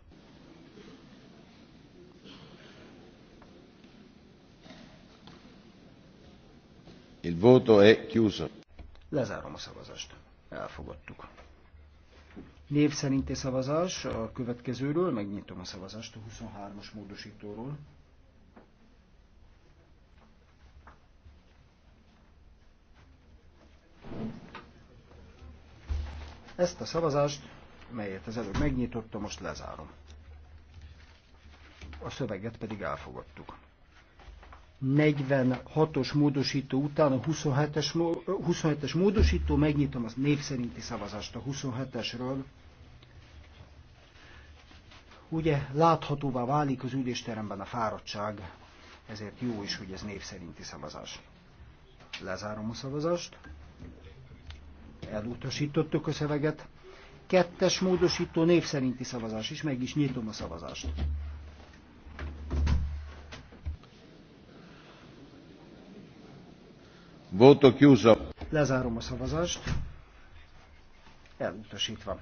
Speaker 2: Il voto è chiuso.
Speaker 1: Lezárom a szavazást. Elfogadtuk. Név szerinti szavazás a következőről, megnyitom a szavazást a 23-as módosítóról. Ezt a szavazást, melyet az előbb megnyitottam, most lezárom. A szöveget pedig elfogadtuk. 46-os módosító után a 27-es, 27-es módosító, megnyitom az név szerinti szavazást a 27-esről. Ugye láthatóvá válik az ülésteremben a fáradtság, ezért jó is, hogy ez név szerinti szavazás. Lezárom a szavazást elutasítottuk a szöveget. Kettes módosító név szerinti szavazás is, meg is nyitom a szavazást.
Speaker 2: Voto júza.
Speaker 1: Lezárom a szavazást. Elutasítva.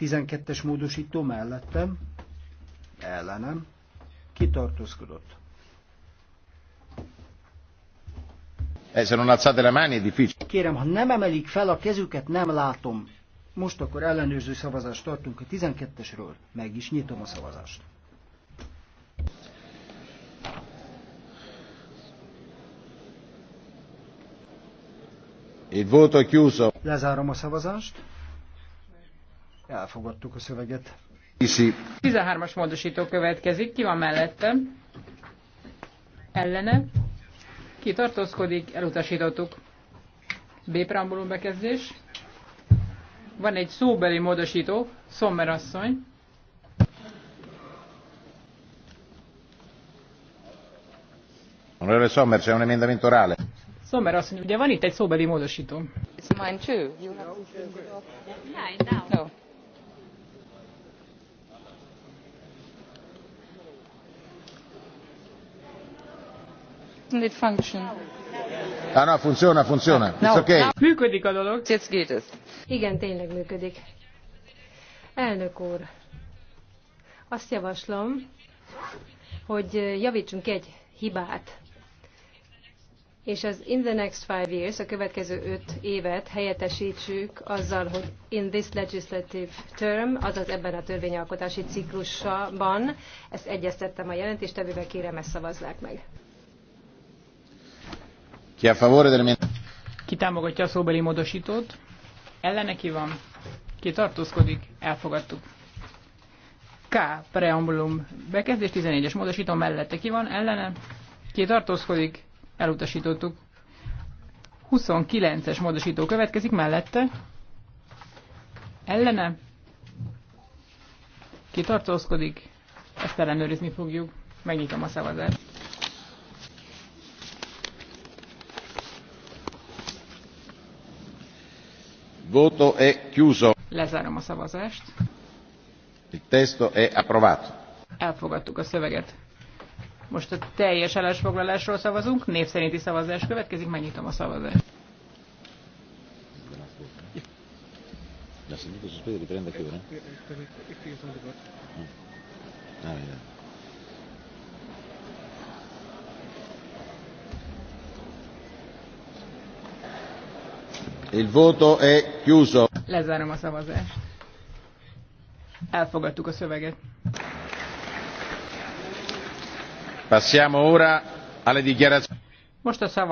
Speaker 1: 12-es módosító mellettem, ellenem, kitartózkodott.
Speaker 2: Ez eh, a non alzate le mani è difficile.
Speaker 1: Kérem, ha nem emelik fel a kezüket, nem látom. Most akkor ellenőrző szavazást tartunk a 12-esről. Meg is nyitom a szavazást.
Speaker 2: Itt volt a kiúszó.
Speaker 5: Lezárom a szavazást. Elfogadtuk a szöveget. 13-as módosító következik. Ki van mellette? Ellene. Ki tartózkodik? Elutasítottuk. B bekezdés. Van egy szóbeli módosító, Szommer asszony.
Speaker 2: Onorevole Sommer, c'è un emendamento orale.
Speaker 5: Sommer asszony, ugye van itt egy szóbeli módosító. It's
Speaker 4: mine too. You have to No. Doesn't it function? No.
Speaker 2: Ah, no, funciona, funziona. No, It's
Speaker 5: okay. no. Működik a dolog. Jetzt geht es.
Speaker 4: Igen, tényleg működik. Elnök úr, azt javaslom, hogy javítsunk egy hibát. És az in the next five years, a következő öt évet helyettesítsük azzal, hogy in this legislative term, azaz ebben a törvényalkotási ciklusban, ezt egyeztettem a jelentéstevővel, kérem ezt
Speaker 5: szavazzák meg.
Speaker 2: Ki a favore del
Speaker 5: Ki támogatja a szóbeli módosítót? Ellene ki van? Ki tartózkodik? Elfogadtuk. K. Preambulum bekezdés 11-es módosító mellette ki van? Ellene? Ki tartózkodik? Elutasítottuk. 29-es módosító következik mellette. Ellene? Ki tartózkodik? Ezt ellenőrizni fogjuk. Megnyitom a szavazást.
Speaker 2: voto è chiuso.
Speaker 5: Lezárom a szavazást.
Speaker 2: Il testo è approvato.
Speaker 5: Elfogadtuk a szöveget. Most a teljes állásfoglalásról szavazunk, név szerinti szavazás következik, megnyitom a szavazást.
Speaker 2: La seduta sospesa riprende a che ora? Ah, yeah. Il voto è chiuso.
Speaker 5: Lezárom a szavazást. Elfogadtuk a szöveget.
Speaker 2: Passiamo ora alle dichiarazioni.
Speaker 5: Most a szavazás.